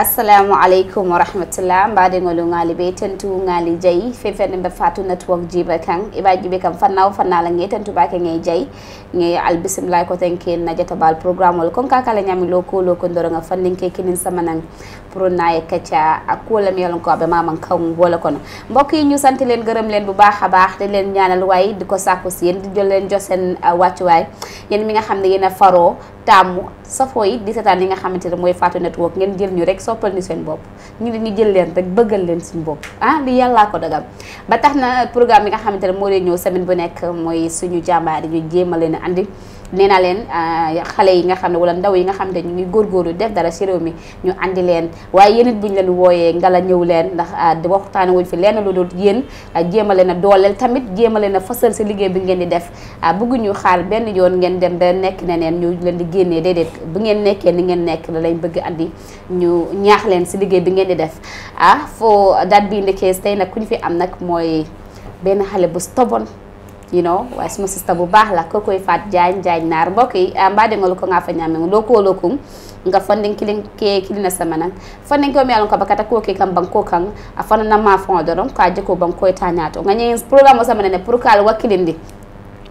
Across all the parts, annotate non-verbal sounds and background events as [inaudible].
assalamu aleykum wa rahmatullah mbaɗegol ngali ɓe tentu ngali jaayi fefene mbe fatu network jiba kan eɓaji ɓe kam fannaw fannala gue tentubake gue jaayi gue albisimlay ko ten ken najatabal programme ol konka kala ñami lokolo ko doroga fanninke kinin samanan pour naye kacca a kuolam yalon ko aɓe maman kan wola kono mbokk yi ñu sant leen gërëm leen bu baax a baax di leen ñaanal waay di ko sàkku si yéen di jol leen josen ah, wàccuwaay yéen mi nga xam ne yéen a faroo taamu safoo yi di seetaan yi nga xamante ne mooy Fatou Network ngeen jël ñu rek soppal ñu seen bopp ñu ne ñu jël leen rek bëggal leen suñu bopp ah li yàllaa ko dagam ba tax na programme yi nga xamante ne moo leen ñëw semaine bu nekk mooy suñu jàmbaar yi ñu jéem a leen andi nee naa leen euh, xale yi nga xam ne wala ndaw yi nga xam ne ñu ngi góorgóorlu def dara si réew mi ñu andi leen waaye yéen bu ñu leen wooyee ngala ñëw leen ndax euh, waxtaane wuñ fi lenn lu dul yéen euh, jéem a leen a dooleel tamit jéem a fasal si liggéey bi ngeen di def bëgguñu xaar benn yoon ngeen dem ba nekk ne neen ñu leen di génnee déedéet bu ngeen nekkee ni ngeen nekk la lañ bëgg andi ñu ñaax leen si liggéey bi ngeen di def ah foo daat bi indi kees tey nag ku ñu fi am nag mooy benn xale bu stobon you know way suma sista bu baax la kokoy fat jañ jañ nar mbokk yi eh, de ngol ko nga fa ñame ngol ko lokum nga fanden kilin ke kilina samana fanden ko mi yalla ko bakata ko ke kam banko kan a fana na ma fon do ron ka je ko banko tanyato nga nyen programme sama ne pour kal wakilindi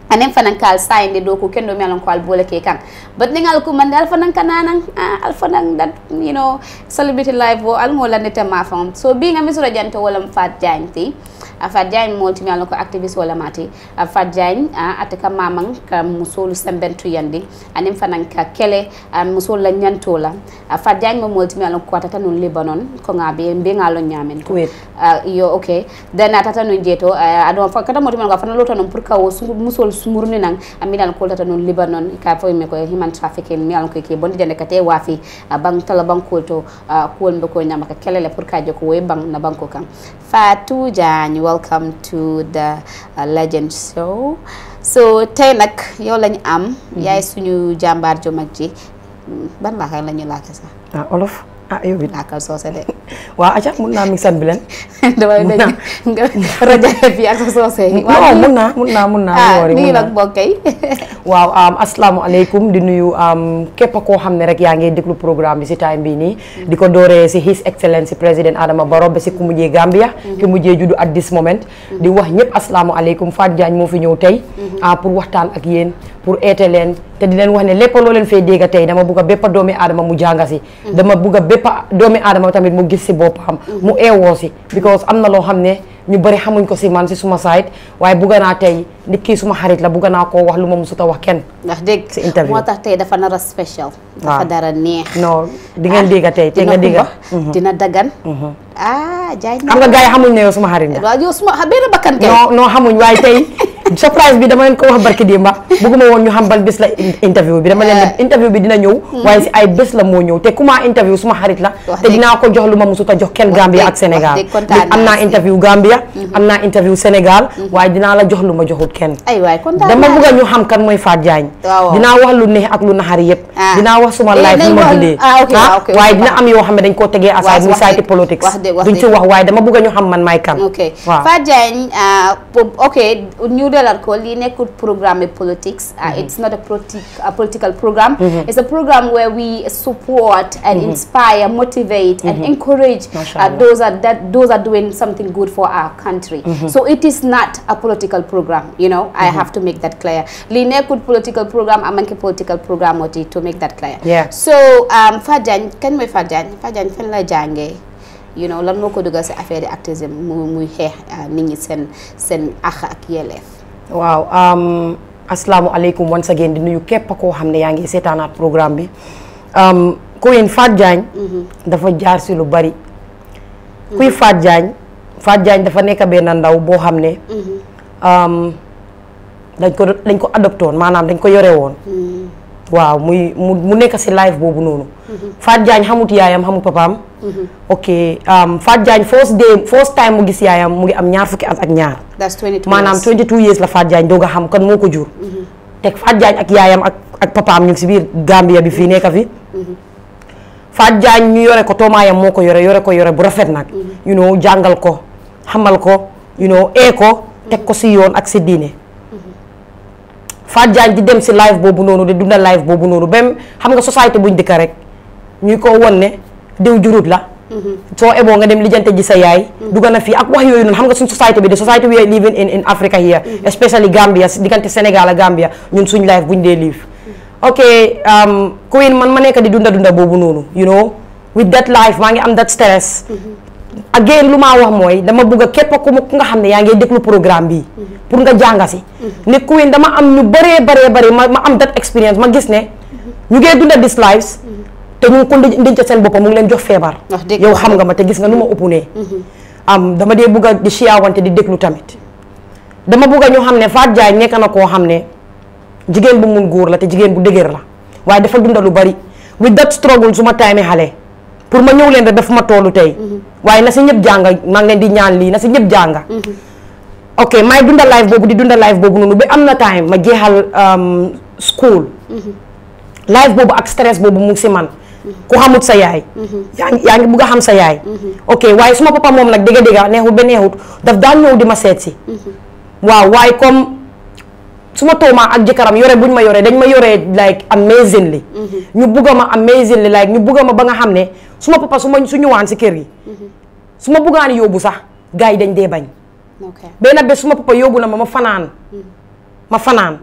anen fanan kal de do ko kendo mi alon ko al bole ke kan but ngal ko man dal fanan kananan al fanan ah, dat you know celebrity life wo al ngola ne tema fon so bi nga misura jante wala fat jante afat diagne motimelno ko activiste wala mati afat diagne ata ka maman ka musolu sembentu yandi anim fanan ka kele ah, musul la ñantola afat diagne mo motimelno ko atata nun libanon ko ngabe mbengalo ñamen ko ah, yo okay then atata nun jeto aɗo ah, kata motimelno ko fana lotanon pour ka o musol sumurni nan ko tata nun libanon ka foyme ko human trafficking mialon ko ke bondi jande kate wafi bang tala bankol to ko mbe ko nyamaka ka kelele pour ka joko woy bang na banko kan fatou diagne welcome to the uh, Legend Show so tey nag yow lañu am. Mm-hmm. yaay suñu jàmbaar ju mag ji ban laax la ñu laaxee sax. Ah, ah yow iya, it laakal soose de waaw aca mun Na, mixan bi leen damay daj nga rajale fii ak sa soose yi waaw mun naa mun naa mun naa woori nii nag mbokk yi waaw di nuyu am képp koo xam rek yaa ngi déglu programme bi si time bii nii di ko dooree hmm. si his Excellency si président Adama Barrow ba si ku mujjee Gambia hmm. ki mujjee juddu at this moment hmm. di wax ñëpp asalaamaaleykum Fatou Diagne moo fi ñëw tey pour waxtaan ak yéen pour eete len té di len wax ne lépp lo len fay dégga tay dama bëgg a bépp doomi aadama mu jangasi dama bëgg bépp doomi aadama tamit mu gis si bopam mu éwo si because amna lo xamné ne ñu bari xamuñ ko si man ci suma site waye bëgg na tay nit ki suma xarit la bëgg na ko wax luma ma ta wax kenn ndax dégg si interview moo tax tey dafa nar special ah. dafa dara neex non di ngeen ah, dégga tay té nga dégga mm-hmm. dina dagan mm-hmm. ah jaay am nga gaay xamuñ ne suma xarit la waaw suma ha ah, bëna bakkan kay non non xamuñ waye tay [laughs] surprise bi dama leen ko wax barki démb bëgguma woon ñu xam ban bés la interview bi dama leen ne eh. interview bi dina ñëw hmm. waaye si ay bés la moo ñëw te ku ma interview suma xarit la te dinaa ko jox lu ma musuta jox kenn Gambia ak Sénégal am naa interview Gambia hmm. am naa interview Sénégal hmm. waaye dinaa la jox lu ma joxut kenn dama bëgg a ñu xam kan mooy Fatou Jagne dinaa wax lu neex ak lu naxari yëpp ah. dinaa wax suma eh, life lu ma dundee ah, ah? waaye dina am yoo xam ne dañ koo tegee aside muy side politics duñ ci wax waaye dama bëgg a ñu xam man maay kan waaw Kudelar ko lii nekkul programme politics. Uh, mm-hmm. It's not a political program. Mm-hmm. It's a program where we support and mm-hmm. inspire, motivate and encourage uh, those that those are doing something good for our country. So it is not a political program. You know, I have to make that clear. Lii nekkul political program amanke political program to make that clear. Yeah. So Fadiane can we Fadiane Fadiane can we jàngee. you know lan moo ko dugal si affaire yi activisme mu muy xeex uh, nit ñi seen seen àq ak yelleef waaw assalaamu asalaamualeykum once again di nuyu képp koo xam ne yaa ngi seetaanaat programme bi Queen faat jaañ dafa jaar si lu bari kuy mm-hmm. Fatou Jagne Fatou Jagne dafa nekk benn ndaw boo xam ne mm-hmm. dañ ko dañ ko adopté maanaam dañ ko yore woon mm-hmm. waaw muy mu mu nekk si live boobu noonu. Mm-hmm. Faat Diagne xamut yaayam xamut papaam. Mm-hmm. ok um, Faat Diagne first day first time mu gis yaayam mu ngi am ñaar fukki at ak ñaar. that's 22 years maanaam 22 la Faat Diagne doog a xam kan moo ko jur. Mm-hmm. teg Faat Diagne ak yaayam ak ak papaam ñu si biir Gambia bi fii nekk fi. Faat Diagne ñu yore ko toomaayam moo ko yore yore ko yore bu rafet nag. you jàngal ko xamal ko you know ee ko. teg ko si yoon ak si diine. Fatou di dem si live bobu nonu di dundal live bobu nonu bem xam nga society buñ dëkk rek ñuy ko wonne ne jurut la mhm. So, ebo nga dem lijjante ji sa yaay mhm. duga gëna fi ak wax yoyu non xam nga suñ society bi de society we living in in Africa here mhm. especially Gambia diggante senegal ak Gambia ñun suñ live buñ dé live ok um, Queen man ma nekk di dunda dunda bobu nonu you know with that life ma nga am that stress again luma maa wax mooy dama bëgg a képp ku ku nga xam déglu programme bi mhm. pour nga janga si mhm. ne Queen dama am ñu bëree bëree ma am that experience ma gis ne mhm. ñu dunda this lives te ñu ngi ko sen seen boppam mu ngi leen jox feebar yow xam nga ma te gis nga nu ma am dama dee bëgg di siyaawante di déglu tamit dama bëgg hamne, ñu xam ne Fatou Jaye nekk na ne bu la te jigen bu dëgër la waaye dafa dunda lu bari with that struggle suma ma time pour ma ñëw leen rek daf ma toolu tey mhm. waaye na si ñëpp jànga maa ngi leen di ñaan lii na si ñëpp jànga mhm. ok maay dunda live boobu di dunda live boobu noonu ba am na time ma geexal um, school mhm. live boobu ak stress boobu mu ngi si man ku xamut sa yaay yaa ngi yaa ngi bugg a xam sa yaay ok waaye suma papa moom nag dégga dégga neexut ba neexut daf daan ñëw di ma seet si waaw waaye comme suma toma ma ak jëkkëram yore buñ ma yore dañ ma yore like amazingly mm-hmm. ñu ma amazingly like ñu ma ba nga xamné suma papa suma suñu waan ci si kër gi mm-hmm. suma bëggaan yobu sax gaay dañ dé bañ benn bés su papa yobu na ma ma fanan mm-hmm. ma fanan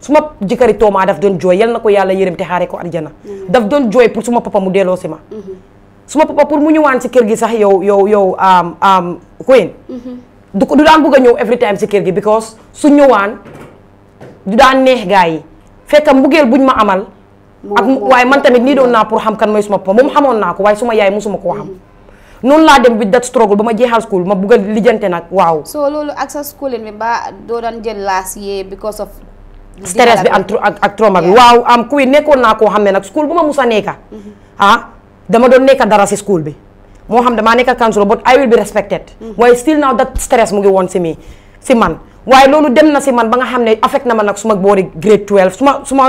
suma ma toma daf doon joy yal nako yalla yërem té ko arjana daf doon joy pour suma papa mu délo ci ma suma papa pour mu waan ci kër gi sax yow yow yow um, um, queen du daan bugg ñew every time si kër gi because su du daan neex gaa yi fekk mbugeel buñ ma amal. ak waaye man tamit nii doon naa pour xam kan mooy suma papa moom xamoon naa ko waaye suma yaay musuma koo xam. Mm-hmm. noonu laa dem bi that struggle ba ma jeexal school ma bugg a lijjante nag waaw. soo loolu ak sa schooling bi ba doo daan jël last year because of. stress bi ak ak trauma bi waaw am kuy nekkoon naa koo xam ne nag school bu ma musa nekka. Mm-hmm. ah dama doon nekka dara si school bi. moo xam damaa nekka counselor but I will be respected. Mm-hmm. waaye still now that stress mu ngi woon si mi si man. waaye loolu dem na si man ba nga xam ne affect na ma nag suma boori grade ma suma suma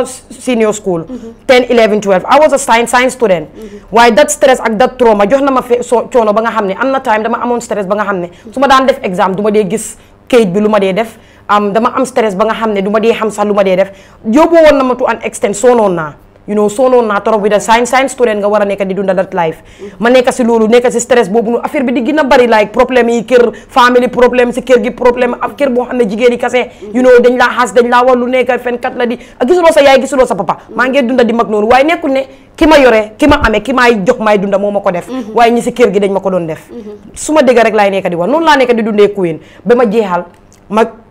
senior school. 10 11 12 I was a science science student. Mhm. waaye that stress ak that ma jox na ma soo coono ba nga xam ne am na time dama amoon stress ba nga xam ne su ma daan def exam du dee gis kayit bi lu ma dee def am dama am stress ba nga xam ne du ma dee xam sax lu ma dee def yóbbu woon na ma to an extent soonoon naa. you know soonoon naa trop bi da science science student nga war a nekk di dunda that life ma nekk si loolu nekk si stress boobu nu affaire bi di gën a bari like problème yi kër family problème si kër gi problème ak kër boo xam ne jigéen yi kase dañ laa xas dañ laa war lu nekk fenkat la di gisuloo sa yaay gisuloo sa papa maa ngi dunda di mag noonu waaye nekkul ne ki ma yore ki ma amee ki maay jox maay dunda moo ma ko def mm-hmm. waaye ñi si kër gi dañ ma ko doon def mm-hmm. su ma dégg rek laay nekk di noonu laa nekk di dundee Queen ma jeexal ma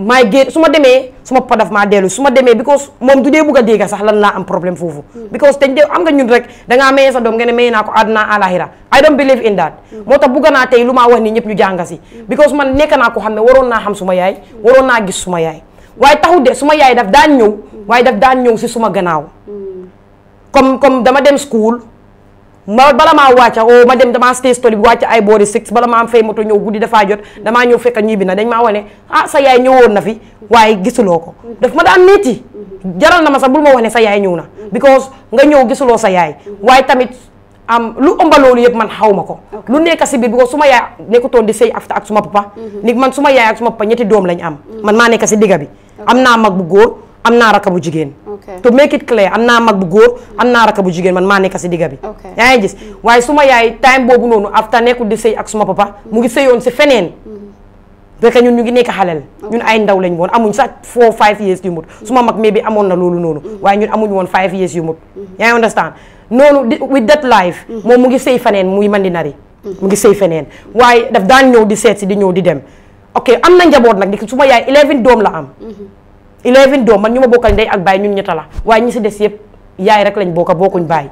maay génn su ma demee suma papa daf maa dellu su ma demee because moom du dee bugg a dégg sax lan laa am problème foofu hmm. because dañ dee am nga ñun rek dangaa mayee sa doom nga ne mayee naa ko àdduna àlaxira I don't believe in that hmm. moo tax bugg naa tey lu maa wax nii ñëpp ñu jànga si hmm. because man nekk naa ko xam ne waroon naa xam suma yaay waroon naa gis suma yaay waaye taxu de suma yaay daf daan ñëw waaye daf daan ñëw si suma gannaaw comme comme dama dem school ma bala maa wàcca o oh, ma dem damaa stay story bi wàcca ay boori six bala maa am fay moto ñëw guddi dafaa jot damaa ñëw fekk bi na dañ maa wane ah sa yaay ñëwoon na fi waaye gisuloo ko daf ma daan métti jaral na ma sax bul ma wax ne sa yaay ñëw na because nga ñëw gisuloo sa yaay waaye tamit am lu ëmba loolu yëpp man xaw ma ko lu nekk si biir bi su ma yaay nekkutoon di sëy afta ak suma papa ni mhm. man suma yaay ak suma papa ñetti doom lañ am mhm. man maa nekk si digga bi am naa mag bu góor am naa raka bu jigéen. to make it am naa mag bu góor am naa raka bu jigéen man maa nekk si digga bi. yaa ngi gis waaye suma yaay time boobu noonu after nekkul di sëy ak suma papa mu ngi sëyoon si feneen. parce mm-hmm. que ñun ñu ngi nekk xaleel ñun ay ndaw lañ woon amuñ sax four five years yu mut mm-hmm. suma bi amoon na loolu noonu mm-hmm. waaye ñun amuñ woon five years yu mut yaa ngi understand noonu with that life moom mu ngi sëy feneen muy mandinari mu ngi sëy feneen waaye daf daal ñëw di seet si di ñëw di dem ok am na njaboot nag suma yaay 11 doom la am 11 dom man ñuma bokal nday ak bay ñun ñetta la way ñi ci dess yeb yaay rek lañ bokka bokkuñ bay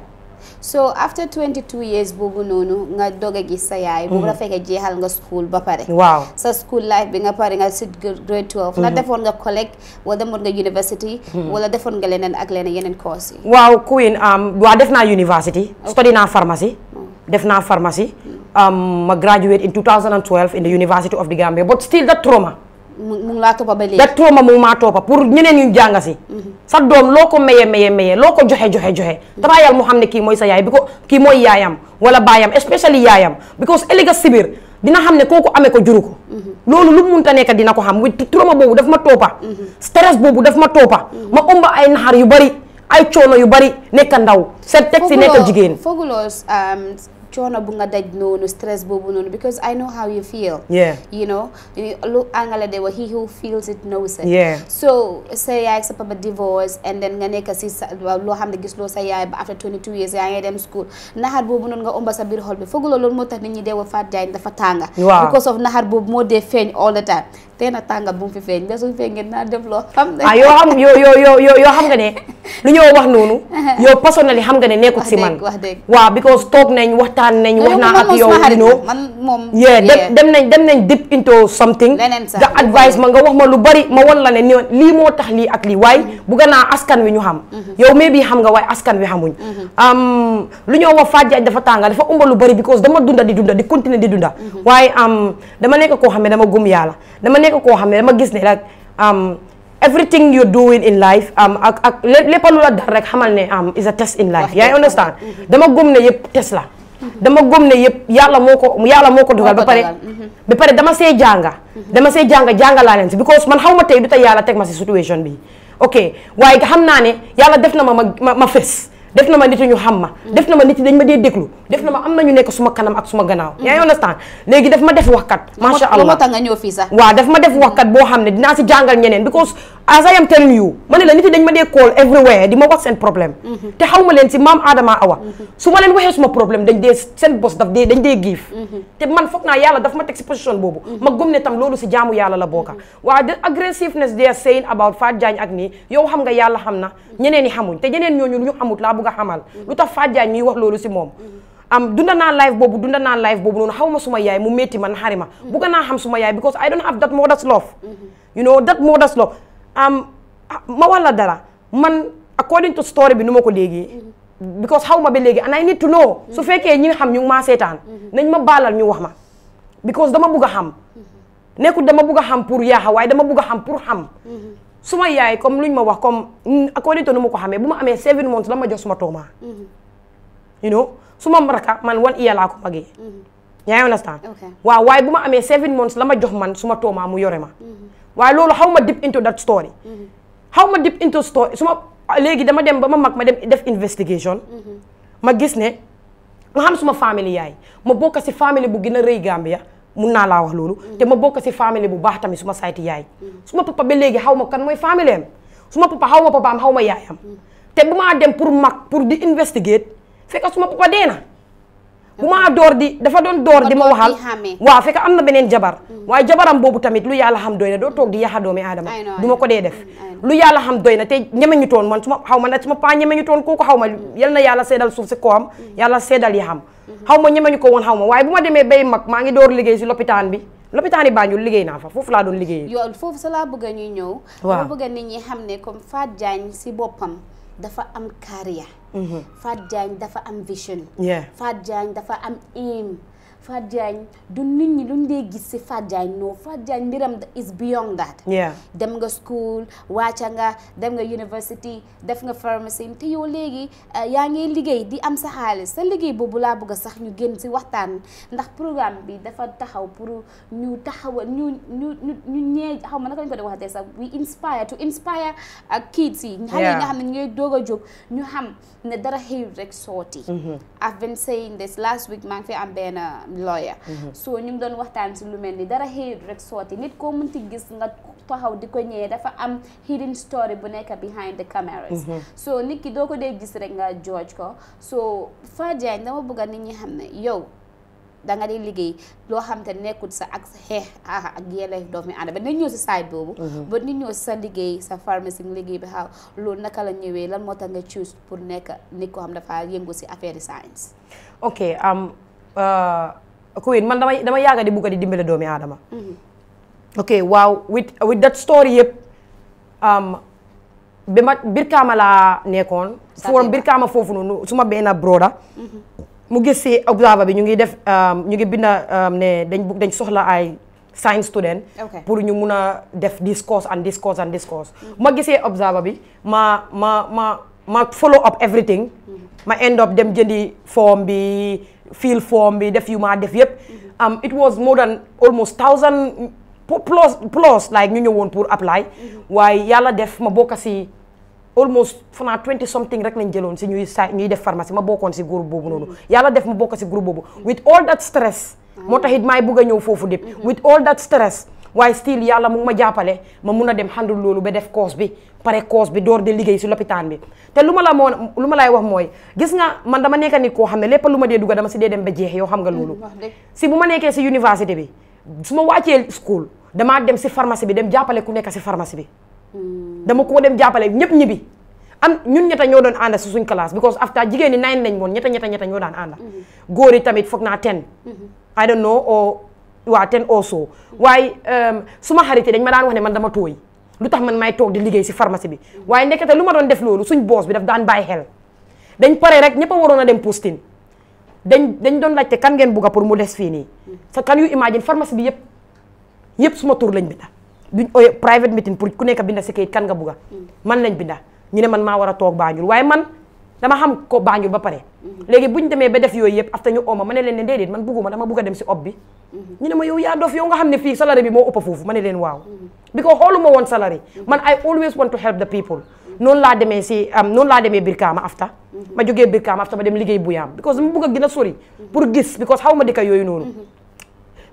so after 22 years bogo nonu nga doga gi sa yaay bu la mhm. fekke jeexal nga school ba pare wow sa school life bi nga pare nga sit grade 12 la defon nga mhm. collect wala demoon nga university mhm. wala defon nga lenen ak lenen yenen course Wow, Queen um, waaw def naa university study na pharmacie oh. def naa pharmacie hmm. um, ma graduate in 2012 in the University of the Gambia but still that trauma mu ngi laa toppa ba léegi da tooma mu ngi maa toppa pour ñeneen ñu jànga si mhm. sa doom loo ko maye maye maye loo ko joxe joxe joxe mhm. damaa yàlla mu xam ne kii mooy sa yaay bi ko kii mooy yaayam wala baayam especially yaayam because ëllëg sibir dina xam ne ko amee ko juru ko mhm. loolu lu munta nekk dina ko xam trauma boobu daf ma toppa stress boobu daf ma toppa ma ëmba ay naxar yu bari ay coono yu bari nekk ndaw seet teg si nekk jigéen um, coono bu nga daj noonu stress boobu noonu because I know how you feel. you know lu angale de wax he who feels it knows it. so sa yaay sa papa divorce and then nga nekk si sa loo xam ne gis loo sa yaay ba after 22 years yaa ngi dem school naxar boobu noonu nga ëmba sa biir bi fooguloo loolu moo tax nit ñi dee wa Fatou Jagne dafa tànga. waaw because of naxar boobu moo dee feeñ all the time. tey nag tàngal bu mu fi feeñ ba suñu feeñ ngeen naa def loo xam ne. ah yoo xam yoo yoo yoo yoo xam nga ne lu ñoo wax noonu. yow personnellement xam nga ne nekkut si man. wax dëgg waaw because toog nañ waxtaan nañ. wax naa ak yow you know dem nañ dem nañ into something. nga advice ma nga wax ma lu bari ma won la ne lii moo tax lii ak lii waaye bugg naa askan wi ñu xam. yow maybe xam nga waaye askan wi xamuñ. Um, lu ñoo wax Fatou Jagne dafa tàngal dafa ëmba lu bari because dama dunda di dunda di di dunda mhm. waaye um, dama nekk koo xam ne dama nekk koo xam ne dama gis ne rek um, everything you're doing in life um, ak ak lépp lu la dal rek xamal ne um, is a test in life yaa ngi understand mm-hmm. dama gëm ne yëpp test la mm-hmm. dama gëm ne yëpp yàlla moo ko yàlla moo ko dogal ba pare mm-hmm. ba pare dama see jànga dama see jànga jànga laa leen si because man xaw ma tey du ta yàlla teg ma si situation bi ok waaye xam naa ne yàlla def na ma ma ma fes def na ma nit ñu xam ma def na ma nit dañ ma dee déglu def na ma am na ñu nekk suma kanam ak suma gannaaw mm-hmm. yaa ngi understand léegi daf ma def waxkat macha allah moo tax nga ñëw fii sax waaw daf ma def waxkat boo xam ne dinaa si jàngal ñeneen because as I am telling you ma ne la dañ ma dee call everywhere di ma wax seen problème mhm. te xaw ma leen si maam Adama Awa mhm. su ma leen waxee suma problème dañ dee seen bos daf dee dañ dee giif mhm. te man foog naa yàlla daf ma teg si position boobu ma gëm ne tam loolu si jaamu yàlla la bokka waaye the aggressiveness they are saying about Fat Jagne ak ni yow xam nga yàlla xam na ñeneen ñi xamuñ te ñeneen ñooñu lu ñu xamut laa bëgg a xamal lu tax Fat Jagne ñuy wax loolu si moom am dunda naa boobu dunda naa live boobu noonu xaw ma suma yaay mu métti man xarima bugga naa xam suma yaay because I don't have that mother's love you know that mother's love ma wax la dara man according to story bi nu ma ko déggee because xaw ma ba léegi and I need noo su fekkee ñi xam ñu ngi maa seetaan nañ ma baalal ñu wax ma because dama bugg xam nekkul dama bugg xam pour yaaxa waaye dama bugg xam pour xam su suma yaay comme ñu ma wax comme according to nu ma ko xamee bu ma amee seven months la jox suma tooma you know suma raka man one year ko magee mm-hmm. yaa ngi understand waaw waaye bu ma amee seven months la ma jox man suma tooma mu yore ma mm-hmm. waaye loolu xaw ma deep into that story. Mm-hmm. xaw ma deep into story su ma léegi dama dem ba ma mag ma dem def investigation. Mm-hmm. ma gis ne ma xam suma famille yaay ma bokk si famille bu gën a rëy Gambia mun naa laa wax loolu. Mm-hmm. te ma bokk si famille bu baax tamit suma sayti yaay. suma papa ba léegi xaw ma kan mooy famille am suma papa xaw ma papaam xaw ma yaay am te bu maa dem pour mag pour di investigate fekk suma papa dee na bu maa door di dafa doon door di ma waxal waaw fekk am na beneen jabar mm. waaye jabaram boobu tamit lu yàlla xam doy na doo toog di yaxa doomi aadama ma ko dee def mm, lu yàlla xam doy na te toon man su ma xaw ma nag su ma paa ñemeñu toon kooku xaw ma mm. yal na yàlla seedal suuf si ko am yàlla seedal yi mm-hmm. xaw ma ñemeñu ko woon xaw ma waaye bu ma demee bay mag maa ngi door liggéey si lopitaan bi lopitaan yi Banjul liggéey naa fa foofu laa doon liggéey yow foofu sa laa bëgg a ñuy ñëw waaw bëgg nit ñi xam ne comme Fatou Jagne si boppam dafa am carrière Mm-hmm. Fatou Diagne dafa am vision. Fatou Diagne dafa am aim. Fatou Diagne du nit ñi luñ dee gis si Fatou Diagne non Fatou Diagne mbiram is beyond that dem nga school wàcca nga dem nga university def nga pharmacie te yow léegi eh, yaa ngi liggéey di am sa xaalis sa liggéey boobu laa bëgg a sax ñu génn si waxtaan ndax programme bi dafa taxaw pour ñu taxawal ñu ñu ñu ñee xaw ma naka lañ ko de waxatee sax we inspire to inspire ak uh, kids yi xale xam ne ñu ngay doog a jóg ñu xam ne dara xëy rek sooti mm-hmm. I've been saying this last week maa ngi fi am benn lawyer mhm. so ñu ngi doon waxtaan si lu mel ni dara xëyut rek sooti nit koo mënti gis nga taxaw di ko ñëwee dafa am hidden story bu nekk behind the cameras mhm. so nit ki doo ko dee gis rek nga jooj ko so Fah Diagne dama bugga a nit ñi xam ne yow danga nga di liggéey loo xam te nekkul sa ak xeex ah, ak doomi doomu ba nañ ñëw si side boobu mhm. ba nit ñëw sa liggéey sa pharmacie liggéey bi xaw loolu naka la ñëwee lan moo tax nga choose pour nekk nit ko xam dafa si affaire science ok euh, queen man dama dama yaga di bugga di dimbele doomi -hmm. ok wow with with that story um be ma la nekon nekkoon birkama fofu foofu suma bena broda mm mm-hmm. broda mu gesse si observer bi ñu ngi def um, ñu ngi binda um, ne dañ bugg dañ soxla ay science student pour ñu mëna a def discourse and discourse and discourse mm-hmm. ma gisee observer bi ma ma ma ma follow up everything mm-hmm. ma end up dem jëndi form bi fill form bi def yu ma def um, it was more than almost thousand plus plus like ñu ñëwoon pour apply mm-hmm. waaye yàlla def ma bokk si almost fanaa twenty something rek lañ jëloon si ñuy sa ñuy def pharmacie ma bokkoon si group boobu noonu mm-hmm. yàlla def ma bokk si groupe boobu mm-hmm. with all that stress moo tax it maay bugg a ñëw foofu dip with all that stress waaye style yàlla mu ma jàppale ma mun a dem handul loolu ba def course bi pare course bi door de liggéey si lopitaan bi te lu ma la moo lu ma lay wax mooy gis nga man dama nekk nit koo xam ne lépp lu ma dee dugga dama si dee dem ba jeex yow xam nga loolu mm, si bu ma nekkee si université bi su ma wàccee school damaa dem si pharmacie bi dem jàppale ku nekk si pharmacie bi mm. dama koo dem jàppale ñëpp ñibbi am ñun ñetta ñoo doon ànda si suñ classe because after jigéen ñi nine lañ woon ñetta ñetta ñetta ñoo daan ànda mm-hmm. góor yi tamit foog naa ten mm-hmm. I waa ten also waaye um, suma xarit dañ ma daan wax ne man dama tooy lu tax man may toog di liggéey si pharmacie bi waaye ndekete lu ma doon def loolu suñ boos bi daf daan bàyyi xel dañ pare rek ñëpp a waroon a dem postin dañ doon laajte kan ngeen bugga pour mu des fii nii sa kan yu imagine pharmacie bi yëpp yëpp suma tur lañ binda duñ private meeting pour ku nekk binda si kayit kan nga bugga man lañ binda ñu ne man maa war a toog baañul waaye man dama xam ko baa Banjul ba pare mhm. léegi bu ñu demee ba def yooyu yëpp afta ñu ooma ma ne leen ne déedéet man bugguma dama bugg a dem si ob bi mhm. ñu ne ma yow yaa dof yow nga xam ne fii salary bi moo ëpp foofu ma ne leen waaw mhm. bi ko xooluma woon salary man I always want to help the laa demee si um, noonu laa demee Brikama afta ma jógee Brikama afta ma dem liggéey Bouyaam because dama bugg a gën a pour gis because xaw ma dëkk yooyu noonu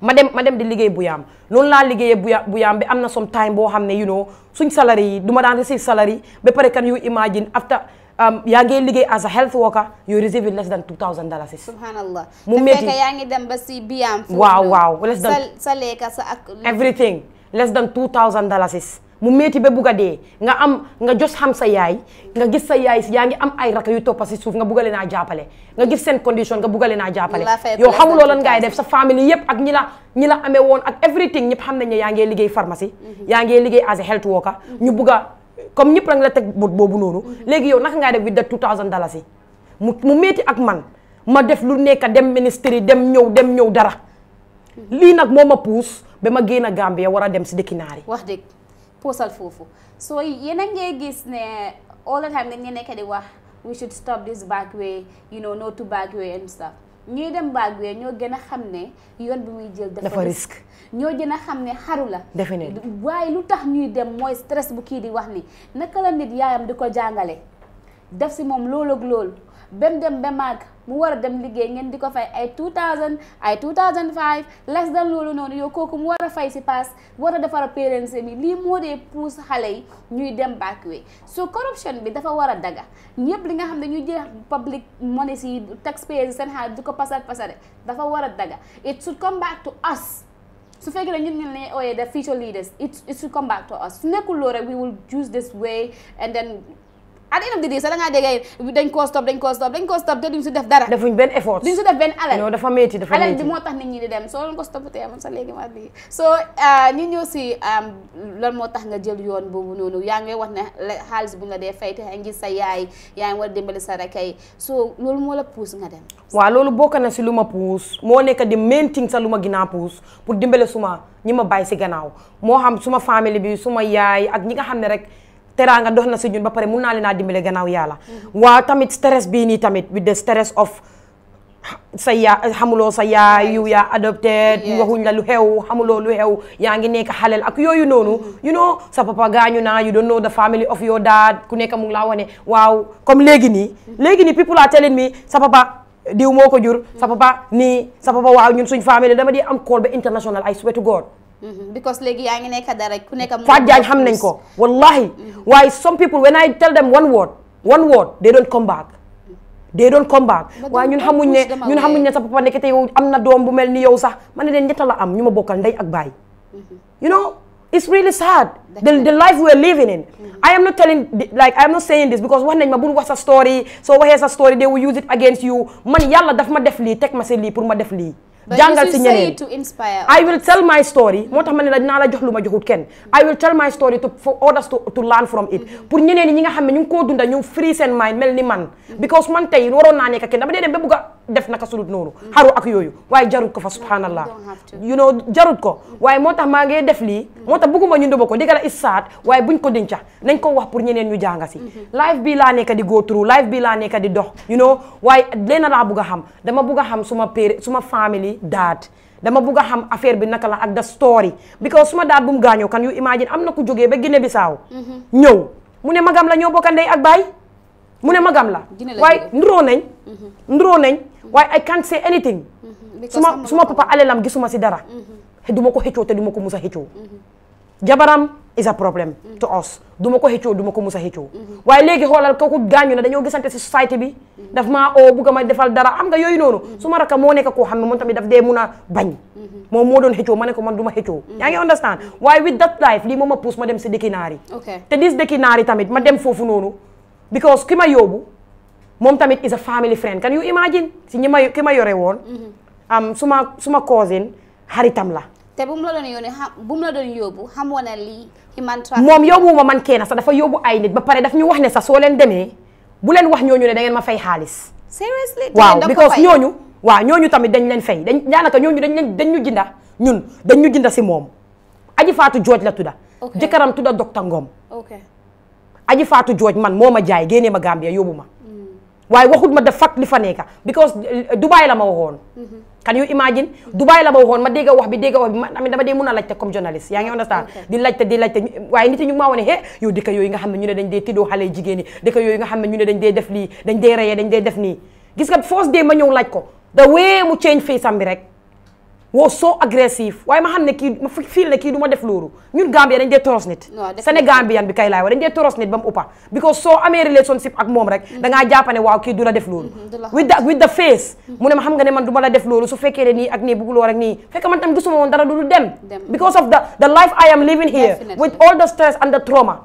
ma dem ma dem di liggéey bu Bouyaam noonu laa liggéeyee bu Bouyaam bi am na some time boo xam ne you know suñ salary yi du ma daan receive salary ba pare kan you imagine after Um, yaa ngi liggéey as a health worker you receive less than two thousand dollars. subhanallah mu métti yaa ngi dem ba si biyaam. waaw waaw less than sa lekka a dee nga am nga jos xam sa yaay nga gis sa yaay yaa ngi am ay rakk yu toppa si suuf nga bugg a leen a jàppale nga gis seen condition nga bugg a leen a jàppale yow xamuloo lan ngay def sa famille yëpp ak ñi la ñi woon ak everything ñëpp xam nañ ne yaa ngi liggéey pharmacie mhm. yaa ngi liggéey as a health worker ñu bugg comme ñëpp rek la teg bët boobu noonu léegi yow naka ngaa def with that two thousand dollars yi mu mu metti ak man ma def lu nekk dem ministère yi dem ñëw dem ñëw dara lii nag moo ma puus ba ma génn Gambia war a dem si dëkki naar yi wax dëgg puusal foofu soo yéen a ngee gis ne all the time dañ nekk di wax we should stop this back way you know no to back way and stuff ñuy dem baag wee ñoo gën a xam ne yoon bi muy jël. dafa risque ñoo gën a xam ne xarula la. defe waaye lu tax ñuy dem mooy stress bu kii di wax ni naka la nit yaayam di ko jàngale def si moom loolu ak loolu bem dem ba màgg mu war a dem liggéey ngeen di ko fay ay 2000 ay 2005 less than loolu noonu yow kooku mu war a fay si paas war a defar parents mi lii moo dee pousse xale yi ñuy dem back way so corruption bi dafa war a daga ñëpp li nga xam ne ñuy jël public money si taxpayers seen xaalis di ko pasar pasare dafa war a daga it should come back to us su fekkee ne ñu ñu ne ooyee the future leaders it it should come back to us su nekkul loolu rek we will choose this at the end sa the day sax da ngaa déggee dañ koo stop dañ koo stop dañ koo stop te duñ si def dara. defuñ benn effort duñ si def benn alal. non dafa métti dafa métti alal bi moo tax nit ñi di dem soo leen ah, lan moo tax nga jël yoon boobu noonu yaa ngi wax ne xaalis bu la dee fay te ngi sa yaay yaa ngi war a sa rakk yi soo loolu moo la puus nga dem. waaw loolu bokk na si lu ma puus moo nekk di main thing sa lu ma ginnaaw puus pour dimbale suma ñi ma bàyyi si gannaaw moo xam suma famille bi suma yaay ak ñi nga xam ne rek. teraanga dox na si ñun ba pare mun naa leen a dimbale gannaaw yàlla. waa tamit stress bii nii tamit with the stress of. sa yaa xamuloo sa yaay yu yaa adopted waxuñ la lu xew xamuloo lu xew yaa ngi nekk xalel ak yooyu noonu yu noo sa papa gaañu naa you don't know the family of your dad ku nekk mu ngi wane waaw comme léegi nii léegi nii people are telling me sa papa diw moo ko jur sa papa nii sa papa waaw ñun suñ famille dama di am call ba international I swear to God Mm-hmm. because léegi yaa ngi nekk dara ku nekk. Fatou Jagne xam nañ mm-hmm. ko wallahi mm-hmm. waaye some people when I tell them one word one word they don't come back. they don't come back waaye ñun xamuñ ne ñun xamuñ ne sa papa nekk te yow am na doom bu mel ni yow sax ma ne leen ñetta la am ñu ma bokkal ndey ak baay. you know it's really sad. the the life we're living in. I am not telling like I am not saying this because wax nañ ma bul wax sa story soo waxee sa story they will use it against you man yàlla daf ma def lii teg ma si lii pour ma def lii. jàngal si ñeneen I will tell my story moo tax ma ne la dinaa jox lu ma joxut kenn I will tell my story to for to learn from it mm-hmm. pour ñeneen ñi nga xam ne ñu ngi koo dunda ñu free seen mind mel ni man mm-hmm. because man tey waroon naa nekk kenn dama dee dem ba def naka sulut noonu xaru ak yooyu waaye jarut ko fa subhanallah you know jarut ko waaye moo tax maa ngi def lii moo tax bëgguma ñu ndoba ko digga la issaat waaye buñ ko denca nañ koo wax pour ñeneen ñu jànga si mm-hmm. life bi laa nekk di go through life bi laa nekk di dox you know waaye leena laa bugga xam dama bugga xam suma père suma family daat dama bugg xam affaire bi naka la ak da story because suma daat bu mu gaañoo kan yu imagine am na ku jogee ba Guinée Bissau mm-hmm. ñëw mu ne magam la ñoo bokka ndey mu ne ma magam la waaye nduróo nañ mhm. nduróo nañ waaye I can't say anything mhm. suma suma papa alelam gisuma si dara mhm. du ma ko xëccoo te du ma ko musa xëccoo jabaram is a problem to us du ma ko xëccoo du ma ko musa xëccoo waaye léegi xoolal kooku gaañu na dañoo gisante si société bi daf maa oo bugg ma defal dara am nga yooyu noonu su ma raka moo nekk koo xam ne moom tamit daf dee mun a bañ moom moo doon xëccoo ma ne ko man du ma xëccoo yaa ngi understand waaye with that life lii moom ma dem si dëkki naar yi te dis dëkki naar yi tamit ma foofu noonu because ki ma yoobu moom tamit is a family friend can you imagine si ñi ma ki ma yore woon. Mm-hmm. am su ma su ma cousin xaritam la. te bu mu la doon yónnee xam bu mu la doon yóbbu xamoon na lii. human trafficking moom ma man kenn sax dafa yóbbu ay nit ba pare daf ñu wax ne sax soo leen demee bu leen wax ñooñu ne dangeen ma fay xaalis. seriously waaw because ñooñu. waa ñooñu tamit dañ leen fay dañ daanaka ñooñu dañ leen dañ ñu jinda ñun dañ ñu jinda si moom. aji faatu jooj la tudda. jëkkëram tudda docteur Ngom. aji faatu jooj man moo a jaay génnee ma Gambia yóbbu ma waaye waxut ma def fak li fa nekka because euh, Dubai la ma waxoon kan mm-hmm. you imagine Dubai la ma waxoon ma dégg wax bi dégg wax bi ma dama dee mun a laajte comme journaliste yaa ngi understand di laajte di laajte waaye nit ñu ngi maa he yow dëkk yooyu nga xam ne ñu ne dañ dee tiddoo xale jigéen ñi dëkk yooyu nga xam ne ñu ne dañ dee def lii dañ dee reyee dañ dee def nii gis nga force de ma ñëw ko mu change face rek woo soo agressif waaye ma xam ne kii ma fiil ne kii du ma def loolu ñun Gambien dañ dee toros nit Sénégambien bi kay laay wax dañ dee toros nit ba uppa because soo amee relationship ak moom rek mm-hmm. da ngaa waaw kii du la def loolu mm-hmm, with the face mm-hmm. mu ne ma xam nga ne man du la def loolu su fekkee ne nii ak nii bugguloo rek nii fekk man tam gisuma woon dara du dem because of the life I am living here with all the stress and the trauma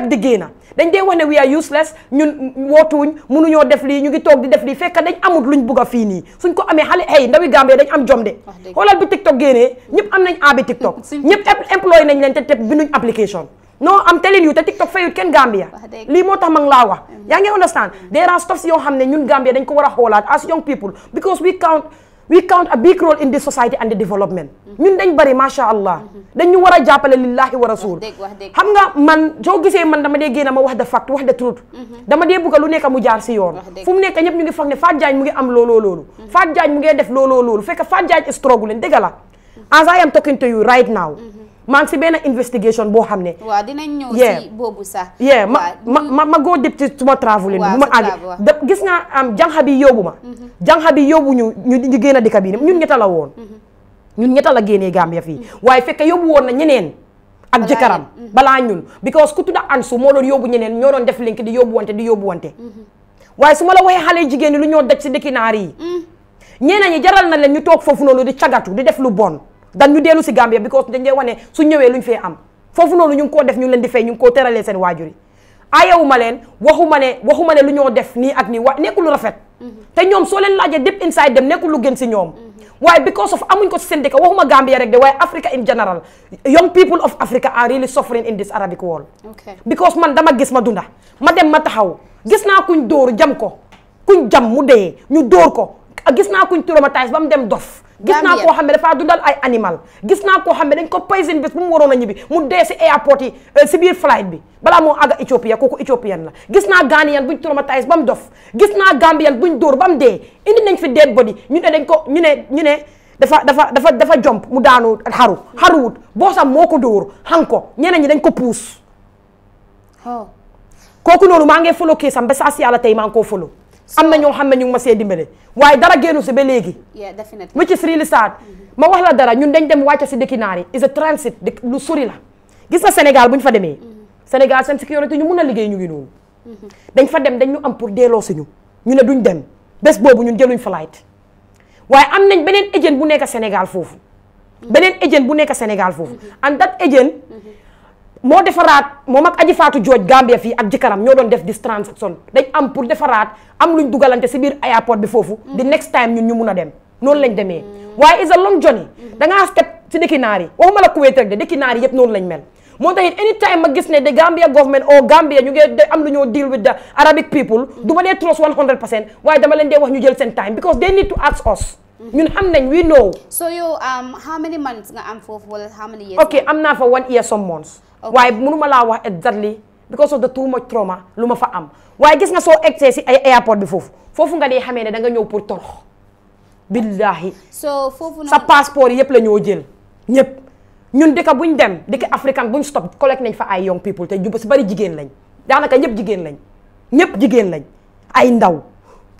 kat di dañ dee wax ne we are useless ñun wootuwuñ mënuñoo def lii ñu ngi toog di def lii fekk dañ amut luñ bugg fii nii suñ ko amee xale ndawi Gambie dañ am jom de xoolal bi TikTok génnee ñëpp am nañ aabi TikTok [laughs] ñëpp employé nañ leen te te binduñ application non am telling you te TikTok fayut kenn Gambia lii moo tax ma laa wax mm. yaa ngi understand there are stuff yoo xam ne ñun Gambia dañ ko war xoolaat as young people because we count we count a big role in this society and the development ñun dañ bari macha allah dañ ñu war a jàppale lillahi wa rasul xam nga man soo gisee man dama dee génn ma wax de fact wax de truth mhm. dama dee bëgg lu nekk mu jaar si yoon fu mu nekk ñëpp ñu ngi foog ne Fatou Jagne mu ngi am looloo loolu mhm. Fatou Jagne mu ngi def looloo loolu fekk Fatou Jagne struggle dëgg la as I am talking to you right now mhm. maa ngi si benn investigation boo xam ne. waaw dinañ ñëw si boobu sax. waaw ma ma ma góor dëpp suma travelling. bu ma àggee da gis nga am jànxa bi yóbbu ma. Mhm. jànxa bi yóbbu ñu ñu génn a dëkk bi ñun ñetta la woon. Mhm. ñun ñetta la génnee Gambia fii mhm. waaye fekk yóbbu woon na ñeneen. ak jëkkëram balaa ñun because ku an su moo doon yobu ñeneen ñoo doon def link di yóbbu wante di yóbbu wante waaye su ma la waxee xale jigéen ñi lu ñoo daj si dikki naar yi ñeneen ñi jaral na leen ñu toog foofu noonu di cagatu di def lu bon dan ñu dellu si Gambia because dañ dee wane su ñëwee lu ñu fee am foofu noonu ñu ngi koo def ñu leen di fay ñu ngi koo teralee seen waajur yi ayewuma leen waxuma ne waxuma ne lu ñoo def nii ak nii wa nekkul lu rafet mm-hmm. te ñoom soo leen laajee deep inside dem nekkul lu gën si ñoom mm-hmm. waaye because of amuñ ko si seen dëkk waxuma Gambia rek de waaye Africa in general young people of Africa are really suffering in this Arabic world because man dama gis ma ma dem ma taxaw gis naa kuñ dóor jam ko kuñ jam mu dee ñu dóor ko gis naa kuñ traumatise ba mu dem dof gis naa koo xam ne dafaa dundal ay animal gis naa koo xam ne dañ ko poison bés bu mu waroon a ñibbi mu dee si airport yi euh, si biir flight bi balaa moo àgg Éthiopia kooku Éthiopienne la gis naa Ghanaian buñ traumatise ba mu dof gis naa Gambian buñ dóor ba mu dee indi nañ fi dead body ñu ne dañ ko ñu ne ñu ne dafa dafa dafa dafa jomp mu daanu xaru xaruwut boo sax moo ko dóor xan ko ñeneen ñi dañ ko puus oh. kooku noonu maa ngi folo kii sam ba saa si tey maa ngi koo folo am na ñoo xam ne ñu ngi ma see dimbale waaye dara génnu si ba léegi. si is really sad ma wax la dara ñun dañ dem wàcce si dëkki naar yi is a transit lu sori la gis na Sénégal bu ñu fa demee. Mm-hmm. Sénégal seen sécurité ñu mun a liggéey ñu ngi noonu. Mm-hmm. dañ fa dem dañ ñu am pour delloo si ñu ñu ne duñ dem bés boobu ñun jëluñ flight waaye am nañ beneen agent bu nekk Sénégal foofu. Mm-hmm. beneen agent bu nekk Sénégal foofu and that agent. moo defaraat moom ak aji faatu jooj Gambia fii ak jëkkëram ñoo doon def this transaction dañ am pour defaraat am luñ dugalante si biir airport bi foofu di mm. next time ñun ñu mun a dem noonu lañ demee waaye is a long journey mm. dangaa step si dëkki naar yi waxuma la Kuwait rek de dëkki naar yi yëpp noonu lañ mel moo tax it any time ma gis ne the Gambia government or oh, Gambia ñu ngi am lu ñoo deal with the Arabic people mm. du dee trust waaye dama leen dee wax ñu jël seen time because they need ñun xam nañ we know. so yow um, how many months nga am foofu wala how many years. ok am naa fa one year some months. waaye mënuma laa wax exactly because of the too much trauma lu ma fa am waaye gis nga soo egsee si ay airport bi foofu foofu nga dee xamee ne da nga ñëw pour torox. billahi so foofu sa passeport yëpp la ñoo jël ñëpp ñun dëkk buñ dem dëkk african buñ stop collect nañ fa ay young people te jubba si bari jigéen lañ daanaka ñëpp jigéen lañ ñëpp jigéen lañ ay ndaw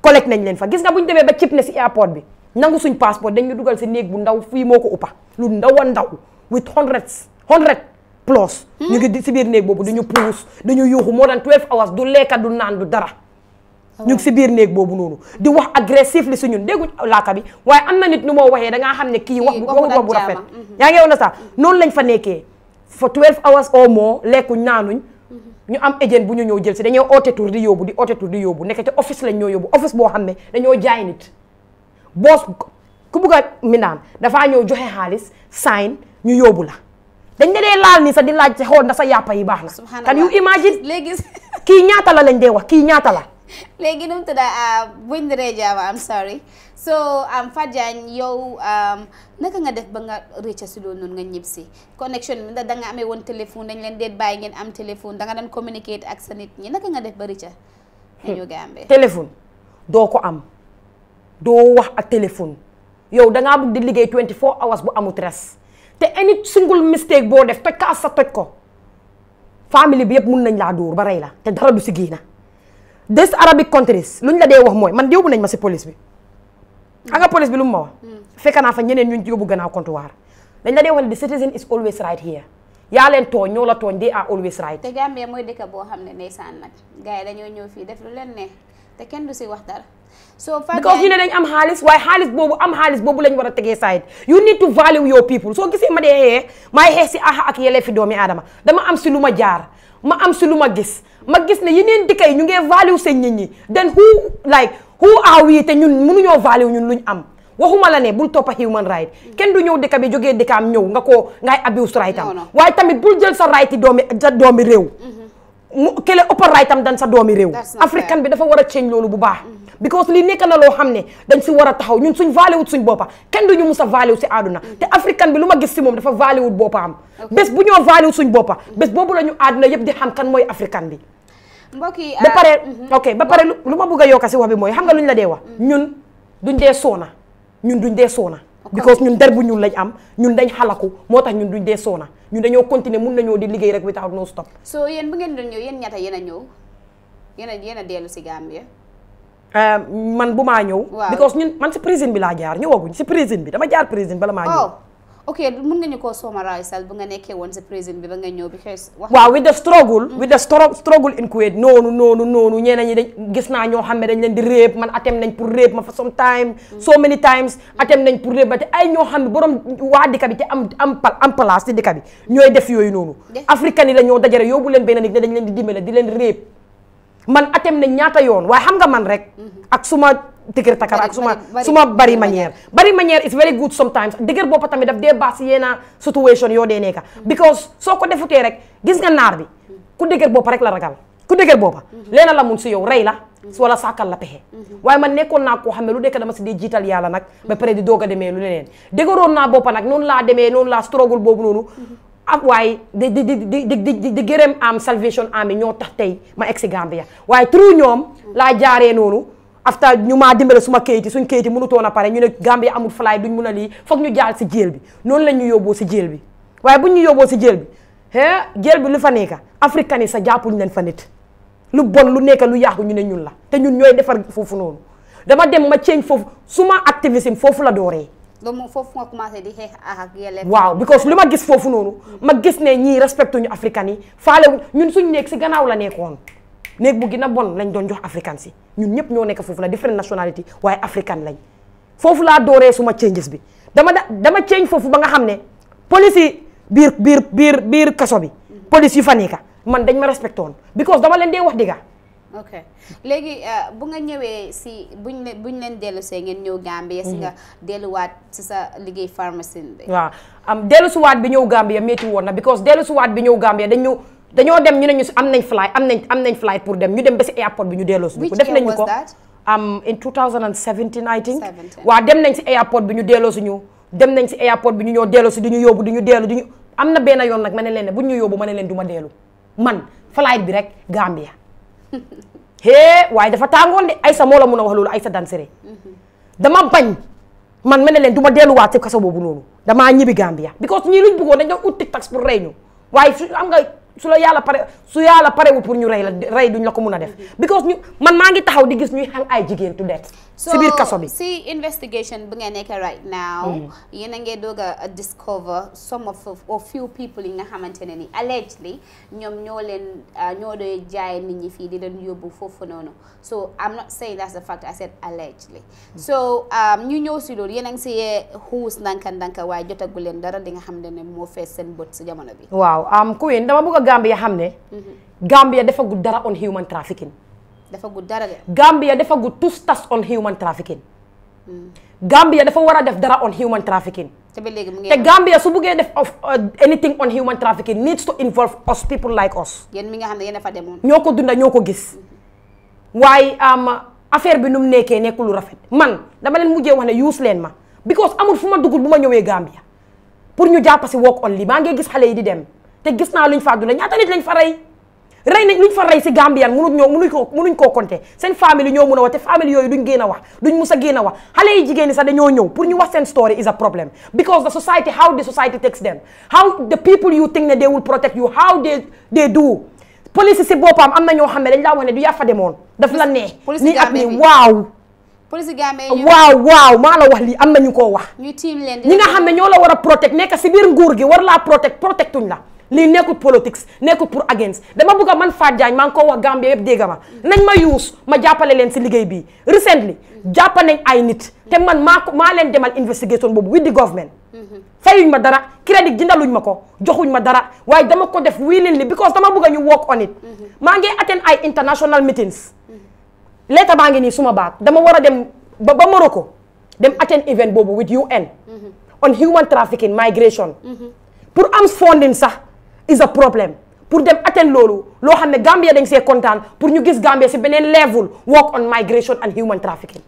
collect nañ leen fa gis nga buñ demee ba cib ne si airport bi. nangu suñ passeport dañu dugal si néeg bu ndaw fii moo ko uppa lu ndaw a ndaw with hundred hundred plus ñu ngi si biir néeg boobu du dañu puus dañu yuuxu more than twelve hours du lekka du naan du dara ah. ñu ngi si biir néeg boobu noonu di wax agressif li si ñun dégguñ laaka bi waaye am na nit nu moo waxee dangaa xam ne kii wax waxu bu rafet yaa ngi woon na sax noonu lañ fa nekkee for twelve hours or more lekkuñ naanuñ ñu am agent bu ñu ñëw jël si dañoo oote tur di yóbbu di oote tur di nekk te office lañ ñoo yóbbu boo xam ne dañoo jaay nit boos ku bugg a minaan dafaa ñëw joxe xaalis sign ñu yóbbu la dañ ne dee laal nii sax di laaj xool ndax sa yàppa yi baax na kan yu imagine léegi [laughs] kii ñaata la lañ dee wax kii ñaata la léegi num tudda ah, buñ diree jaama am sorry so am Fadiane yow naka nga def ba nga rëcca si loolu noonu nga ñib si connection bi ndax da amee woon téléphone dañ leen deet bàyyi am téléphone da nga daan communicate ak sa nit ñi naka nga def ba rëcca nañu hmm. Gambie téléphone doo ko am doo wax ak téléphone yow dangaa bëgg di liggéey 24 hours bu amut res te any single mistake boo def toj ka as sa toj ko famille bi yëpp mun nañ laa dóor ba rey la te dara du si génn des arabic countries ñu la dee wax mooy man yóbbu nañ ma si police bi. anga police bi lu ma wax. Hmm. fekk naa fa ñeneen ñu yóbbu gannaaw comptoir dañ la dee wax ne the citizen is always right here. yaa leen tooñ ñoo la tooñ they are always right. te Gambie mooy dëkk boo xam ne ndeysaan nag gars yi dañoo ñëw fii def lu leen ne te kenn du si wax soo fàggee because ñu ne dañ am xaalis waaye xaalis boobu am xaalis boobu lañ war a tegee side you need to value your people soo gisee ma dee xeexee maay xeex si aha ak yele fi doomi adama dama am si lu ma jaar ma am si lu ma gis ma gis ne yeneen dëkk yi ñu ngee value seen nit ñi then who like who are we te ñun mënuñoo value ñun luñ am waxuma la ne bul toppa human right kenn du ñëw dëkk bi jógee am ñëw nga koo ngay abuse right am waaye tamit bul jël sa right doomi sa doomi réew mm-hmm. mu kële upper right am dan sa doomi réew african bi dafa a change loolu bu baax mm-hmm. because li nekk na loo xam ne dañ si war a taxaw ñun suñ valé wut suñ boppa kenn duñu mus a valé si àdduna te africain bi lu ma gis si moom dafa valé wut boppam bés bu ñoo valé wut suñ boppa bés boobu la ñu àdduna yëpp di xam kan mooy africain bi mbokk yi ba ah, pare mhm. ba pare lu ma bëgg a yokk si wax bi mooy xam nga ñu la dee wax mm. ñun duñ dee soona ñun duñ dee soona because ñun der bu ñun lañ am ñun dañ xalaku moo tax ñun duñ dee soona ñun dañoo continuer mun nañoo di liggéey rek without no stop so yéen bu ngeen doon ñëw yéen ñaata a ñëw yéen a dellu si Gambia Euh, man bu maa ñëw. waaw because man si prison bi laa jaar ñëwaguñ si prison bi dama jaar prison bala maa ñëw. Oh, ok mën nga ñu koo somaraysal bu nga nekkee woon sa prison bi ba nga ñëw bi xees wax waaw with the struggle mm. with the struggle in Kuwait noonu noonu noonu ñi dañ gis naa ñoo xam ne dañ leen di réeb man attempt nañ pour réeb ma fa some time mm. so many times mm. attempt nañ pour réeb ba te ay ñoo xam ne waa dëkk bi te am am am place ci dëkk bi ñooy def yooyu noonu africain yi la ñoo dajare yóbbu leen benn nit leen di dimbale di leen réeb man atem na ñaata yoon waaye xam nga man rek mhm. ak suma dëgër takar ak suma suma bari manière bari manière is very good sometimes dëgër boppa tami daf dee baax si yeena situation yoo dee nekka mhm. because soo ko defutee rek gis nga naar bi mhm. ku dëgër boppa rek la ragal ku dëgër boppa leena la mun si yow rey la wala sàkkal la pexe waaye man nekkoon naa koo xam ne lu nekk dama si dee jiital yàlla nag ba pare di doog a demee lu leneen dëgëroon na boppa nag noonu laa demee noonu laa struggle boobu noonu am waaye di di di di di gërëm am Salvation Army ñoo tax tey ma egg si Gambia waaye trou ñoom laa jaaree noonu afta ñu maa dimbale suma kayiti suñ kayiti mënutoon a pare ñu ne Gambia amul fly duñ mun a lii foog ñu jaar si jéel bi noonu la ñu yóbboo si jéel bi waaye buñ ñu yóbboo si jéel bi hee jéel bi lu fa nekk africain yi sa jàppuñ leen fa nit lu bon lu nekka lu yàqu ñu ne ñun la te ñun ñooy defar foofu noonu dama dem ma change foofu suma activisme foofu la dooree. loolu moom foofu nga commencé di xeex ak yelleef waaw because lu ma gis foofu noonu ma gis ne ñii respecté ñu africain yi faale ñun suñu nekk si gannaaw la nekkoon néeg bu na bon lañ doon jox africain si ñun ñëpp ñoo nekk foofu la different nationality waaye africain lañ foofu laa dooree suma changes bi dama da dama change foofu ba nga xam ne police yi biir biir biir biir kaso bi police yu fa nekk man dañ ma respecté woon because dama leen dee wax digga ok léegi euh, bu nga ñëwee si buñ leen buñ leen dellusee ngeen ñëw Gambia si mhm. nga delluwaat si sa liggéey pharmacie bi. waaw am dellusiwaat bi ñëw Gambia métti woon na because dellusiwaat bi ñëw Gambia dañu dañoo dem ñu ne ñu am nañ flight am nañ am nañ flight pour dem ñu dem ba si airport bi ñu delloosi. ko def nañ ko am in 2017 I think. waaw dem nañ si airport bi ñu delloosi ñu. dem nañ si airport bi ñu ñoo delloosi du ñu yóbbu du ñu dellu du ñu am na benn yoon nag ma ne leen ne buñ ñu yóbbu ma ne leen du ma dellu man flight bi rek Gambia. [laughs] hee waaye dafa tàngoon de Aïssa moo la mun a wax loolu ay sa Danséré mm-hmm. dama bañ man ma ne leen du ma delluwaat ci kaso boobu noonu damaa ñibbi Gambia because ñii luñ bëggoon dañ doon ut tic-tac pour rey ñu waaye su am nga su la yàlla pare su yàlla parewu pour ñu rey la rey duñ la ko mun a def mm-hmm. because ñu man maa ngi taxaw di gis ñuy xang ay jigéen tu det si biir kaso bi si investigation bi nga nekk right now. Hmm. yéen a ngi doog a discover some of or few people yi nga xamante ne ni allegedly ñoom ñoo leen ah, ñoo doon jaay nit ñi fii di leen yóbbu foofu noonu so am not saying that's the fact I said allegedly. Hmm. so um, ñu ñëw si loolu yéen a si xuus ndanka ndanka waaye jotagu leen dara di nga xam ne moo fees seen bët si jamono bi. waaw am ku dama bëgg a Gambia xam ne. Mm-hmm. Gambia dafa gudd dara on human trafficking. dafa gudd dara de. Gambia dafa gudd two stats on human trafficking. Gambia dafa war a def dara on human trafficking. te ba léegi mu ngi te Gambia su buggee def of uh, anything on human trafficking needs to involve us people like us. yéen mi nga xam ne yéen a ñoo ko dunda ñoo ko gis. waaye um, affaire bi nu mu nekkee nekk lu rafet man dama leen mujjee wax ne yuus leen ma because amul fu ma dugul bu ma ñëwee Gambia pour ñu jàpp si wokk on li maa ngi gis xale yi di dem te gis naa luñ faa dunda ñaata nit lañ fa rey. rey nañ luñ fa rey si Gambian munuñ ñoo munuñ ko munuñ seen famille ñoo mun a wax te famille yooyu duñ génn a wax duñ mus a génn a wax xale yi jigéen ñi sax dañoo ñëw pour ñu wax seen story is a problem because the society how the society takes them how the people you think ne they will protect you how they do police si boppam am na ñoo xam ne dañ laa wax ne du yaa fa demoon daf la nee nii ak nii waaw police Gambie la wax lii am na ñu koo wax ñi nga xam ne ñoo la war a protect nekk si biir nguur gi war laa protect protectuñ la lii nekkul politique nekkul pour agence dama bëgg a man Fatou jaañ maa ngi ko wax Gambie yëpp dégg ma nañ ma yuus ma jàppale leen si liggéey bi recently jàppa nañ ay nit te man maa ko maa leen demal investigation boobu with the government fayuñ ma dara crédit jëndaluñ ma ko joxuñ ma dara waaye dama ko def willingly because dama bëgg a ñu work on it maa ngi attend ay international meetings later maa ngi nii suma baat dama war a dem ba ba Morocco dem attend event boobu with UN mm-hmm. on human trafficking migration mm-hmm. pour am funding sax is a problem pour dem atteindre loolu loo xam Gambia dañ see kontaan pour ñu gis Gambia si benen level work on migration and human trafficking.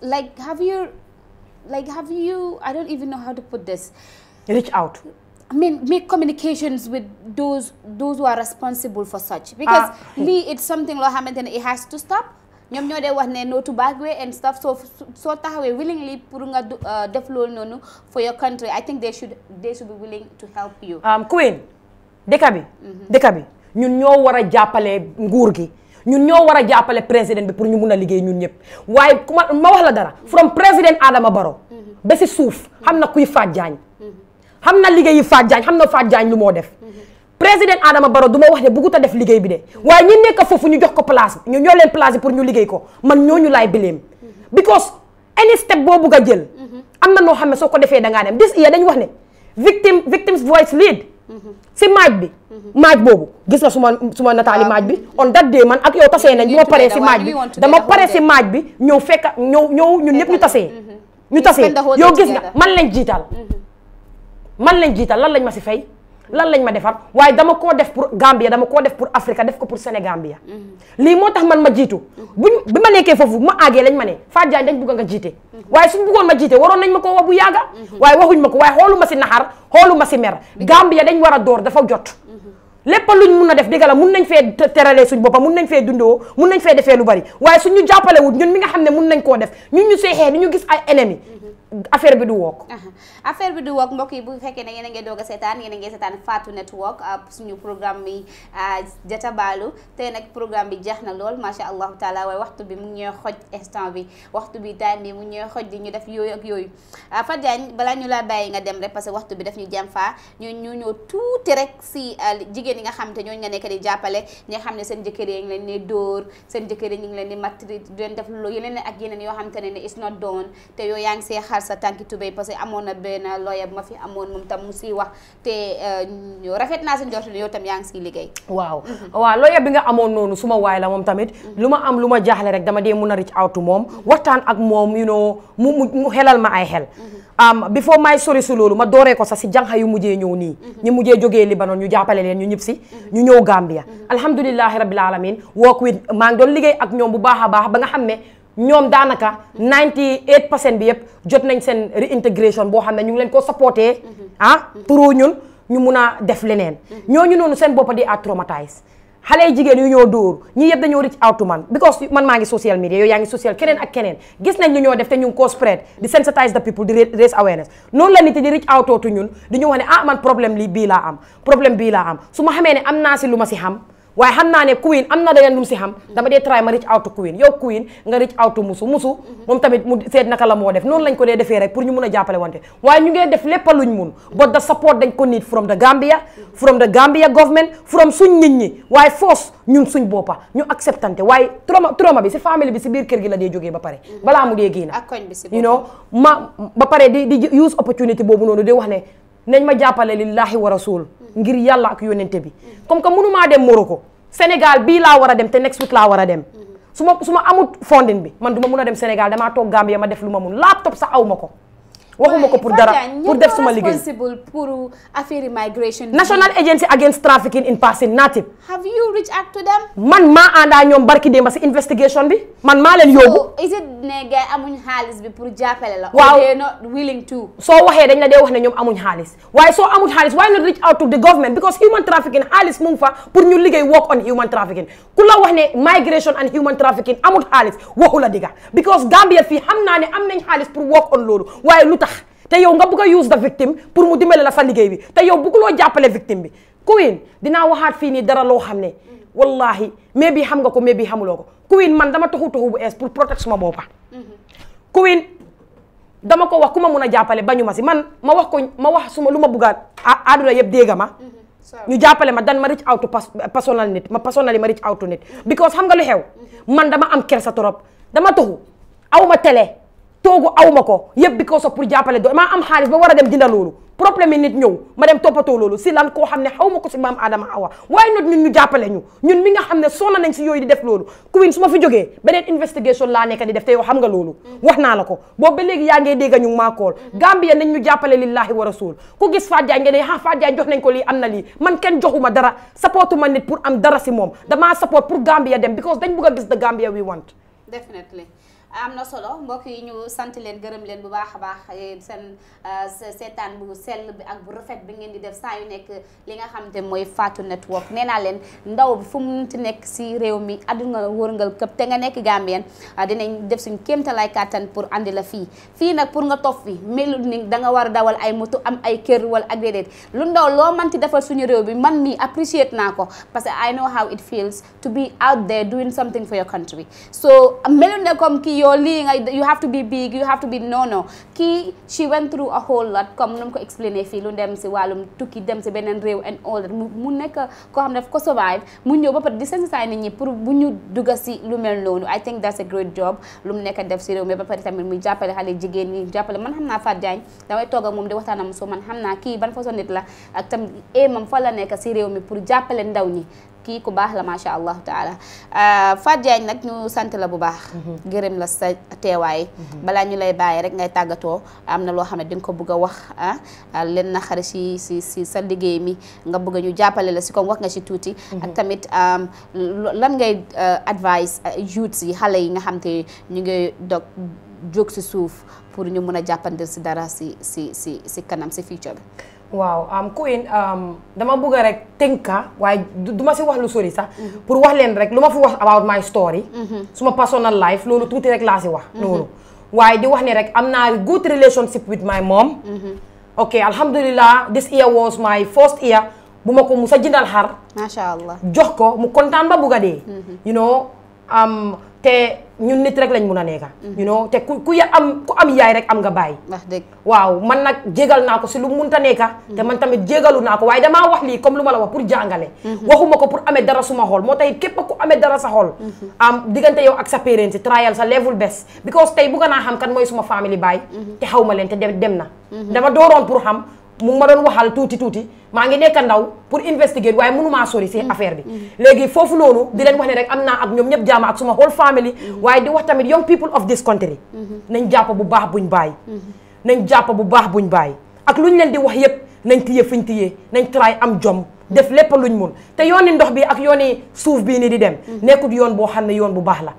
like have you like have you I don't even know how to put this. reach out. I mean, make communications with those those who are responsible for such because ah. me it's something loo xamante it has to stop. ñoom ñoo dee wax ne no to bagwe and stuff so soo we willingly pour nga ah, def loolu nonu for your country I think they should they should be willing to help you. Um, Queen. dëkk bi mhm. dëkk bi ñun ñoo war a jàppale nguur gi ñun ñoo war a jàppale président bi pour ñu mun a liggéey ñun ñëpp waaye ku ma ma wax la dara mhm. from président Adama Barrow mhm. ba si suuf xam na kuy Fatou jaañ xam na liggéeyi Fatou Jagne xam na Fatou jaañ lu moo def président Adama Barrow du ma wax ne bëggut a def liggéey bi de waaye ñi nekk foofu ñu jox ko place ñu ñoo leen place pour ñu liggéey ko man ñoo ñu laay bileem because any step boo bugg a jël am na noo xam ne soo ko defee da ngaa dem this year dañu wax ne victim victims voice lead si maaj bi mhm. maaj boobu gis nga su ma su ma nataali ah, maaj bi on dat dee man ak yow tasee nañ ma paree si maaj bi dama paree si maaj bi ñëw fekk ñëw ñëw ñun ñëpp ñu tasee ñu tasee yow gis nga man lañ jiital mhm. man lañ jiital lan lañ ma si fay lan lañ ma defar waaye dama koo def pour Gambia dama koo def pour Afrique def ko pour Sénégambia mm-hmm. lii moo tax man ma jiitu mm-hmm. bu bi ma nekkee foofu ma àggee lañ ma ne Fatou Jagne dañ bëgg nga jiite mm-hmm. waaye suñ bëggoon ma jiite waroon nañ ma koo wax bu yàgga waaye waxuñ ma ko waaye xoolu ma si naxar xoolu ma si mer Gambia dañ war a door dafa jot lépp luñ mun a def dëgg la mun nañ fee teralee suñ boppam mun nañ fee dundoo mun nañ fee defee lu bari waaye suñu jàppalewut ñun mi nga xam ne mun nañ koo def ñun ñu see xee ñu gis ay ennemi affaire bi du wok affaire bi du wok mbokk yi bu fekke ne yéen a doga setan a seetaan setan Fatou Network ah, suñu programme bi ah, jata balu tey nak programme bi jaxna lol ma sha allah taala way waxtu bi mu ñe xoj instant bi waxtu bi mu ñe xoj di ñu def yoy ak yoy ah, fa Diagne bala ñu waktu bàyyi nga dem rek parce que waxtu bi daf ñu jëm fa ñu ñu ñu tout rek si jigen yi nga xam te nga nekk di jappalé ñi xam ne seen jëkkeer yi ngi leen di seen jëkkeer yi ngi leen di matri di def lo yeneen ak yeneen yo xam ne is not done te yo yaang xar sa tànki tubéy parce que amoon na benn lawyer bu ma fi amoon moom tam mu siy wax te euh, mhm. noonu suma waay la moom tamit mhm. lu ma am lu ma jaaxle rek dama dee mun a reach out moom waxtaan ak moom you know mu mu xelal ma ay xel mhm. um, before may sori su loolu ma dooree ko sax si jànxa yu mujjee ñëw nii ñu mujjee jógee Libanon ñu jàppale leen ñu ñëpp si ñu ñëw Gambia alhamdulilahi rabbil alamin work with maa doon liggéey ak ñoom bu baax a baax ba nga xam ne ñoom daanaka 98 pour cent bi yëpp jot nañ seen réintégration boo xam ne ñu ngi leen ko supporté mhm. ah, mhm. pour turu ñun ñu mun a def leneen mhm. ñooñu noonu seen boppa di à traumatise xale yi jigéen yu ñoo dóor ñii yëpp dañoo reach out to man because man maa ngi social media yooyu yaa ngi social keneen ak keneen gis nañ lu ñoo def te ñu ngi ko spread di sensitize the people di raise awareness noonu la nit di reach out to ñun di ñu wax ne ah man problème lii bii laa am problème bii laa am su ma xamee ne am naa si lu ma si xam waaye xam naa ne queen am na leneen lu mu si xam dama dee try ma reach out to queen yow queen nga reach out to musu musu moom tamit mu seet naka la moo def noonu lañ ko dee defee rek pour ñu mun a jàppale wante waaye ñu ngee def lépp luñ mun but the support dañ ko need from the Gambia from the Gambia government from suñ nit ñi waaye force ñun suñ boppa ñu acceptante waaye trauma trauma bi si famille bi si biir kër gi la dee jógee ba pare balaa mu dee génn you know ma ba pare di di use opportunity boobu noonu di wax ne nañ ma jàppale lillahi wa rasul ngir yàlla ak yónnente bi comme que mënumaa dem Morocco Sénégal bii laa war a dem te next week laa war a dem mm-hmm. su ma su ma amut fondin bi man du ma mun a dem Sénégal damaa toog Gambie ma def lu ma mun laptop sa aw ko waxuma ko pour dara pour def suma liggéey responsible pour affaire migration. National Agency Against Trafficking in Person NATIP. have you reached out to them. man maa ànd ak ñoom barki démb si investigation bi man maa leen yóbbu. so is it ne gars amuñ xaalis bi pour jàppale la. waaw they not willing to. soo waxee dañ la dee wax ne ñoom amuñ xaalis waaye soo amul xaalis why not reach out to the government because human trafficking xaalis mu ngi fa pour ñu liggéey work on human trafficking ku la wax ne migration and human trafficking amul xaalis waxu la digga because Gambia fii xam naa ne am nañ xaalis pour work on loolu waaye tax te yow nga bëgg a use the victim pour mu dimbale la sa liggéey bi te yow bëgguloo jàppale victime bi Queen dinaa waxaat fii nii dara loo xam ne wallahi mais bi xam nga ko mais bi xamuloo ko Queen man dama toxu toxu bu ees pour protection ma boppa Queen dama ko wax ku ma mun a jàppale bañu ma si man ma wax ko ma wax suma lu ma bëggaat àdduna yëpp dégg ma ñu jàppale ma dan ma reach out to personnel nit ma personnel ma reach out to nit because xam nga lu xew man dama am kersa torop dama toxu aw ma télé toogu awma ko yëpp bi ko soog pour jàppale do am xaalis ba war a dem jënd loolu problème nit ñëw ma dem toppatoo loolu si lan koo xam ne xaw ma ko si maam Adama Awa waaye nag ñun ñu jàppale ñu ñun mi nga xam ne sonna nañ si yooyu di def loolu Queen su ma fi jógee beneen investigation laa nekk di def te yow xam nga loolu wax naa la ko boobu ba léegi yaa ngee dégg ñu maa kool Gambia nañ ñu jàppale lillahi wa rasul ku gis Fatou Jagne nga ne ah Fatou Jagne jox nañ ko lii am na lii man kenn joxuma dara supportu ma nit pour am dara si moom damaa support pour Gambia dem because dañ bëgg a gis the Gambia we want definitely am na solo mbokk yi ñu sant leen gërëm leen bu baax a baax seen euh, seetaan bu sell bi ak bu rafet bi ngeen di def saa yu nekk li nga xam te mooy Fatou Network nee naa leen ndaw bi fu mu ti nekk si réew mi àdduna wërngal këpp te nga nekk Gambien euh, dinañ def suñ kéemtalaay kàttan pour andi la fii fii nag pour nga toog fii melul ni danga war a dawal ay moto am ay kër wala ak déedéet lu ndaw loo manti defal suñu réew bi man mii appreciate naa ko parce que I know how it feels to be out there doing something for your country so yow lii ngay you have to be big you have to no no kii she went through a whole lot comme nu mu ko expliqué fii lu dem si wàllum tukki dem si beneen réew and all mu nekk koo xam ne ko survive mu ñëw ba pare di sensibiliser ni ñi pour bu ñu dugga si lu mel noonu I think that's a great job lu mu nekk def si réew mi ba pare tamit muy jàppale xale jigéen ñi jàppale man xam naa Fatou Diagne damay toog ak moom di waxtaan am so man xam naa kii ban façon nit la ak tamit éemam fa la nekk si réew mi pour jàppale ndaw ñi kii ku baax la macha allah taala ah, Fat Diagne nag ñu sant la bu baax. Mhm. gërëm la sa teewaay. Mhm. balaa ñu lay bàyyi rek ngay tàggatoo am na loo xam ne di ko bëgg a wax ah, ah leen na xari si si si sa liggéey mi nga bëgg ñu jàppale la si ko wax nga si tuuti. Mhm. ak tamit lan ngay ah, advice youths yi xale yi nga xam te ñu ngi dog jóg si suuf pour ñu mun a jàppandil si dara si si si si kanam si future bi. waaw am Queen dama bëgg rek tënka waaye du ma si wax lu sori sax. Mhm. pour wax leen rek lu ma fi wax about my story. Mhm. suma personal life loolu tuuti rek laa si wax. Mhm. loolu waaye di wax ni rek am naa good relationship with my mom. ok alhamdulillah this year was my first year bu ma ko musa jëndal xar. macha allah jox ko mu kontaan ba bugg a dee. ñun nit rek lañ mun a nekka mm-hmm. you know te ku ku ya am ku am yaay rek am nga bàyyi waaw man nag jégal naa ko si lu munta nekka mm-hmm. te man tamit jégalu naa ko waaye damaa wax lii comme lu ma la wax pour jàngale mm-hmm. waxuma ko pour amee dara suma xool moo tax képp ku ame dara sa xool am diggante yow ak sa parents trial sa level best because tey bugga naa xam kan mooy suma family baay te xaw ma leen te dem na dama dooroon pour xam mu ma doon waxal tuuti tuuti maa ngi nekk ndaw pour investiguer waaye mënumaa sori si mm-hmm. affaire bi mm-hmm. léegi foofu noonu di leen wax ne rek am naa ak ñoom ñëpp jaama ak suma whole family mm-hmm. waaye di wax tamit young people of this country nañ jàpp bu baax buñ bàyyi nañ jàpp bu baax buñ bàyyi ak lu ñu leen di wax yëpp nañ téye fuñ téye nañ try am jom def léppa luñ mun te yooni ndox bi ak yooni suuf bii ni di dem nekkut yoon boo xam ne yoon bu baax la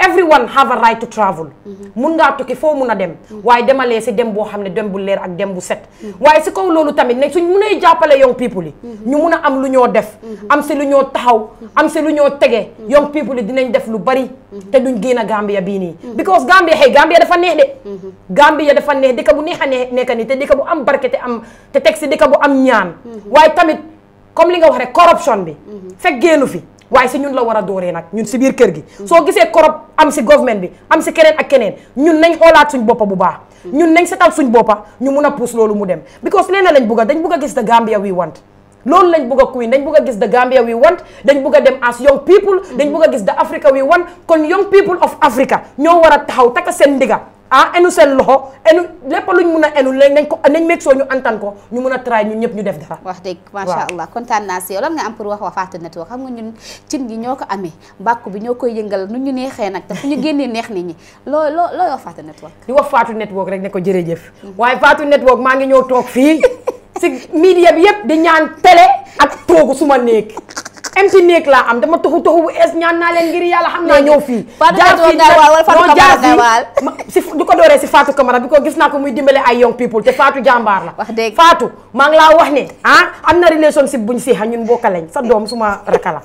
everyone have a right to travel mm-hmm. mun ngaa tukki foo mun a dem mm-hmm. waaye demalee si dem boo xam ne dem bu leer ak dem bu set mm-hmm. waaye si kaw loolu tamit ne suñ munee jàppale young people yi ñu mun a am lu ñoo def am si lu ñoo taxaw am si lu ñoo tege young people yi dinañ def lu bari te duñ génn a Gambia bii nii because Gambia xëy Gambia dafa neex de Gambia dafa neex dëkk bu neex a nekk nii te dëkk bu am barke am te teg si dëkk bu am ñaan waaye tamit comme li nga wax rek corruption bi fekk génnu fi waaye si ñun la war a dooree nag ñun si biir kër gi soo gisee korop am si government bi am si keneen ak keneen ñun nañ xoolaat suñ boppa bu baax ñun nañ setal suñ boppa ñu mun a puus loolu mu dem because leena lañ bugga dañ bugg a gis the Gambia we want loolu lañ bugg a queen dañ bugg a gis the Gambia we want dañ bugg a dem as young people dañ bugg a gis the Africa we want kon young people of Africa ñoo war a taxaw takk seen ndiga ah enu seen loxo enu lépp ñu mun a enu léegi nañ ko nañ meeg soo ñu antan ko ñu mun a tray ñun ñëpp ñu def dara wax dëgg macha allah kontaan naa si yow lan nga am pour wax wafaatu netoo xam nga ñun cin gi ñoo ko amee bàkku bi ñoo koy yëngal nu ñu neexee nag te fu ñu génnee neex nit ñi loo loo looy wax faatu network di wax faatu network rek ne ko jërëjëf mm-hmm. waaye faatu network maa ngi ñëw toog fii si media bi yëpp di ñaan télé ak toogu suma néeg MC néeg la am dama tuhu tuhu bu es ñaan na len ngir yalla xam na ñëw fi jaar fii non si di ko si Fatou Camara biko gis naa ko muy dimbalé ay young people te Fatou jambar la wax Fatou ma ngi la wax ne ah am na relationship buñ ha ñun boka lañ sa dom suma raka la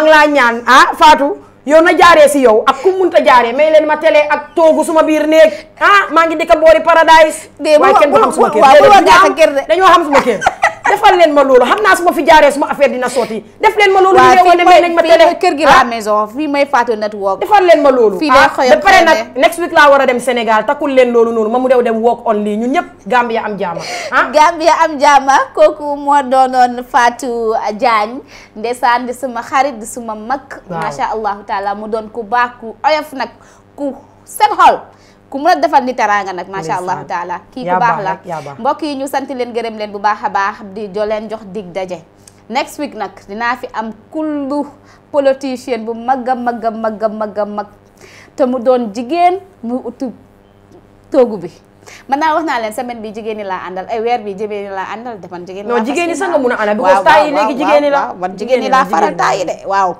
ngi la ñaan ah Fatou yow na jaaree ci yow ak ku munta jaaree may len ma télé ak togu suma bir neek ah ma ngi dika boori paradise waaye ken du xam suma kër dañu xam suma kër [laughs] defal leen ma loolu xam naa suma ma fi jaaree suma affaire dina sotti def leen ma loolu. ñu may nañ ma télé kër gi la ah. maison fii may Fatou Network. defal leen ma loolu. fii de ah, pare nag next week laa war a dem Sénégal takkul leen loolu noonu ma mu dew dem walk on lii ñun ñëpp Gambia am jaama ah. Gambia am jaama kooku moo doonoon Fatou Jagne ndeysaan di suma xarit di suma mag. waaw macha allahu taala mu doon ku baax ku oyof nag ku seen xol. ku mun a defal ni nag macha allahu taala kii ku baax la mbokk yi ñu santi leen gërëm leen bu baax a baax di jo jox digg daje next week nag dinaa fi am kullu politicien bu mag a mag a mag a mag te mu doon jigéen mu utu toogu bi man naa wax naa leen semaine bi jigéen ñi laa àndal ay weer bi jigéen ñi laa àndal defan jigéen ñi non jigéen ñi sax nga a àndal because taay yi léegi jigéen ñi la man jigéen ñi laa faral taay yi de waaw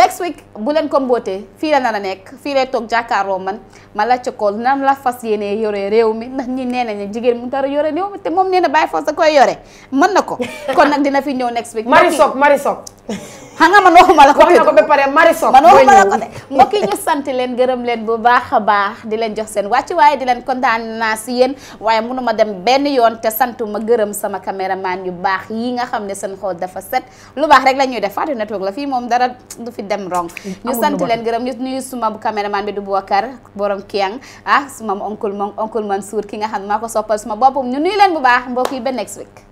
next week bu ko mbootee fii la nar a nekk fii lay toog jàkkaarloo man ma la ca kool nan la fas yéene yore réew mi ndax ñi nee nañu jigéen mu dara yore réew mi te moom nee e [laughs] na bàyyi fas da koy yore mën na ko kon nag dina fi ñëw next week Marisok Marisok xam nga man la ko wax na ko ba pare Marisol man waxuma la ko de mbokk yi ñu sant leen gërëm leen bu baax a baax di leen jox seen wàcc waaye di leen kontaan naa si yéen waaye mënu dem benn yoon te sant ma gërëm sama caméraman yu baax yi nga xam ne seen xool dafa set lu baax rek la ñuy def Fatou Netoog la fii moom dara du fi dem rong ñu sant leen gërëm ñu nuyu suma caméraman bi du Boubacar borom Kiang ah suma oncle moom man suur ki nga xam ne maa ko soppal suma boppam ñu nuyu leen bu baax mbokk yi ba next